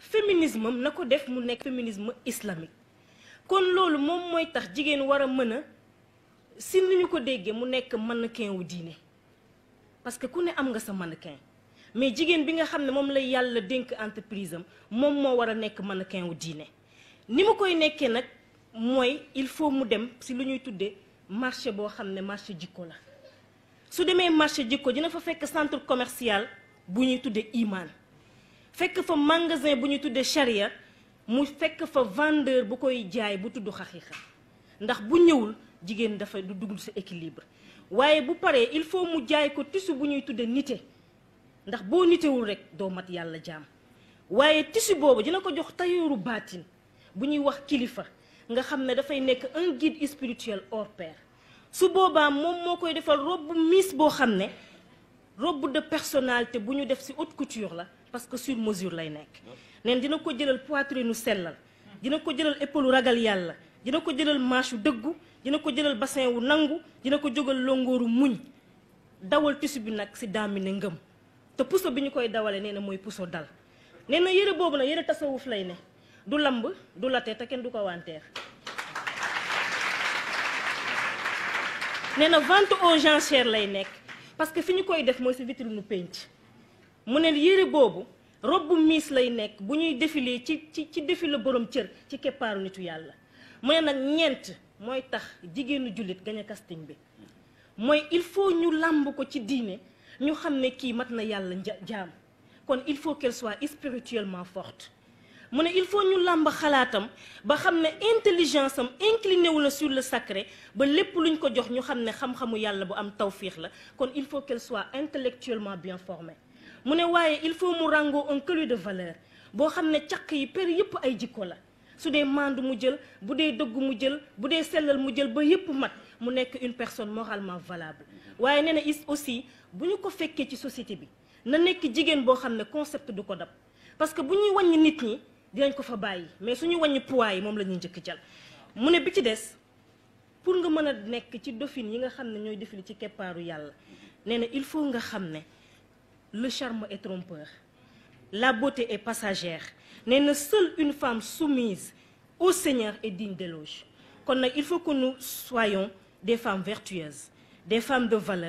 féminisme am na ko def mu nekk féminisme islamique kon loolu moom mooy tax jigéen war a mën a si ni ñu ko déggee mu nekk man mannequin wu diine parce que ku ne am nga sa mannequin mais jigéen bi nga xam ne moom la yàlla dénk entreprise am moom moo war a nekk mannequin wu diine ni mu koy nekkee nag mooy il faut mu dem si lu ñuy tuddee marché boo xam ne marché jikko la su demee marché jikko dina fa fekk centre commercial bu ñuy tuddee imaan fekk fa magasin bu ñuy tuddee charia mu fekk fa vendeur bu koy jaay bu tudd xaqiiqa ndax bu ñëwul jigéen dafa du dugg sa équilibre waaye bu paree il faut mu jaay ko tissu bu ñuy tuddee nite ndax boo nitewul rek doo mat yàlla jaam waaye tissu boobu dina ko jox tayooru baatin bu ñuy wax kilifa nga xam ne dafay nekk un guide spirituel hors su boobaam moom moo koy defal robe miss boo xam ne robe de personnalité bu ñu def ci haute couture la parce que sur mesure lay nekk neen dina ko jëlal poitrine nu sellal dina ko jëlal épaule ragal yàlla dina ko jëlal manche wu dëggu dina ko jëlal bassin wu nangu dina ko jógal longooru muñ dawal tissu bi nag si daamine ngëm te puso bi ñu koy dawalee nee na mooy puso dal nee na yëre boobu nag yëre tasawuf lay ne du lamb du late te kenn du ko wanteer nee na vente aux enchères lay nekk parce que fi ñu koy def mooy si vitrine nu pénc mu ne yére boobu robbu miis lay nekk bu ñuy défilé ci ci ci défilé borom cër ci keppaaru nitu yàlla mu ne nag ñeent mooy tax jigéenu jullit gañ a casting bi mooy il faut ñu làmb ko ci diine ñu xam ne kii mat na yàlla jaam kon il faut qu'elle soit spirituellement forte mu ne il faut ñu làmb xalaatam ba xam ne intelligence am incliné wu la sur le sacré ba lépp luñ ko jox ñu xam ne xam-xamu yàlla bu am tawfiix la kon il faut qu'elle soit intellectuellement bien formée mu ne waaye il faut mu ràngoo un cœur de valeur boo xam ne caq yi per yëpp ay jikko la su dee mandu mu jël bu dee dëggu mu jël bu dee sellal mu jël ba yëpp mat mu nekk une personne moralement valable waaye nee na is aussi bu ñu ko fekkee ci société bi na nekk jigéen boo xam ne concept du ko dab parce que bu ñuy wàññi nit ñi dinañ ko fa bàyyi mais su ñu wàññi poids yi moom la ñuy njëkk jël mu ne bi ci des pour nga mën a nekk ci dauphine yi nga xam ne ñooy défilé ci keppaaru yàlla nee na il faut nga xam ne le charme est trompeur la beauté est passagère ne na seule une femme soumise au Seigneur est digne d'éloge kon nag il faut que nous soyons des femmes vertueuses des femmes de valeur